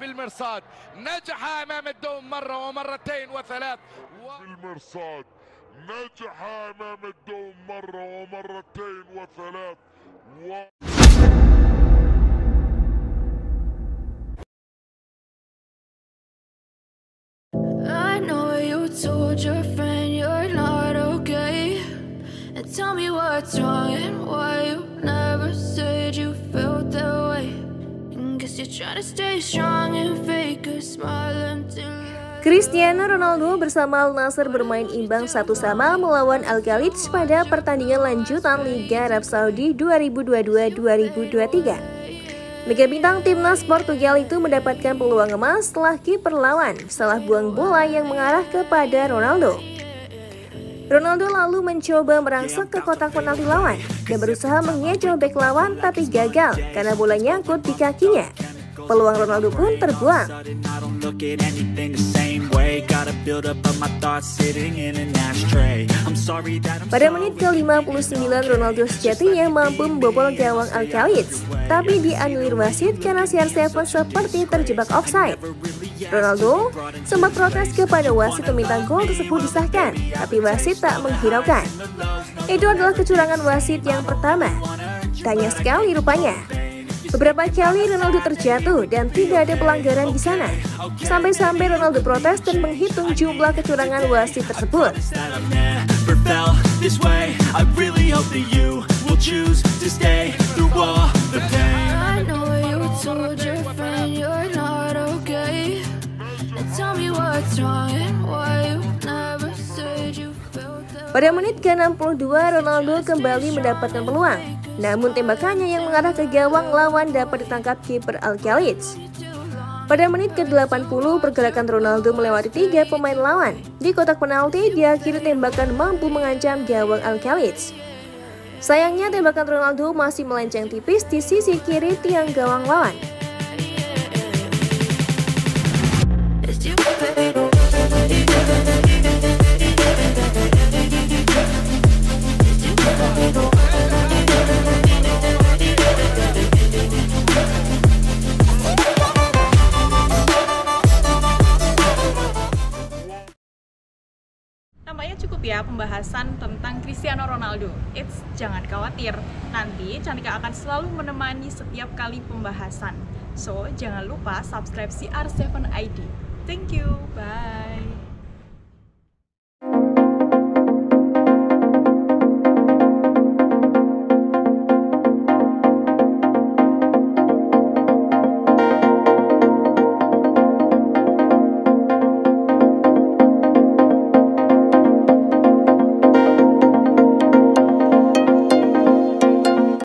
بالمرصاد نجح امام الدوم مره ومرتين وثلاث و... بالمرصاد نجح امام الدوم مره ومرتين وثلاث و... I know you told your friend you're not okay And tell me what's wrong and why you never said you felt that way Cristiano Ronaldo bersama Al Nasser bermain imbang satu sama melawan Al Ghalij pada pertandingan lanjutan Liga Arab Saudi 2022-2023. Mega bintang timnas Portugal itu mendapatkan peluang emas setelah kiper lawan salah buang bola yang mengarah kepada Ronaldo. Ronaldo lalu mencoba merangsek ke kotak penalti lawan dan berusaha mengejar bek lawan tapi gagal karena bola nyangkut di kakinya peluang Ronaldo pun terbuang. Pada menit ke-59, Ronaldo sejatinya mampu membobol gawang al tapi dianulir wasit karena CR7 seperti terjebak offside. Ronaldo sempat protes kepada wasit meminta gol tersebut disahkan, tapi wasit tak menghiraukan. Itu adalah kecurangan wasit yang pertama. Tanya sekali rupanya. Beberapa kali Ronaldo terjatuh dan tidak ada pelanggaran di sana. Sampai-sampai Ronaldo protes dan menghitung jumlah kecurangan wasit tersebut. Pada menit ke-62 Ronaldo kembali mendapatkan peluang, namun tembakannya yang mengarah ke gawang lawan dapat ditangkap kiper al -Khalid. Pada menit ke-80 pergerakan Ronaldo melewati tiga pemain lawan. Di kotak penalti diakhiri tembakan mampu mengancam gawang al -Khalid. Sayangnya tembakan Ronaldo masih melenceng tipis di sisi kiri tiang gawang lawan. Nampaknya cukup ya pembahasan tentang Cristiano Ronaldo. It's jangan khawatir, nanti Cantika akan selalu menemani setiap kali pembahasan. So, jangan lupa subscribe CR7ID. Thank you, bye!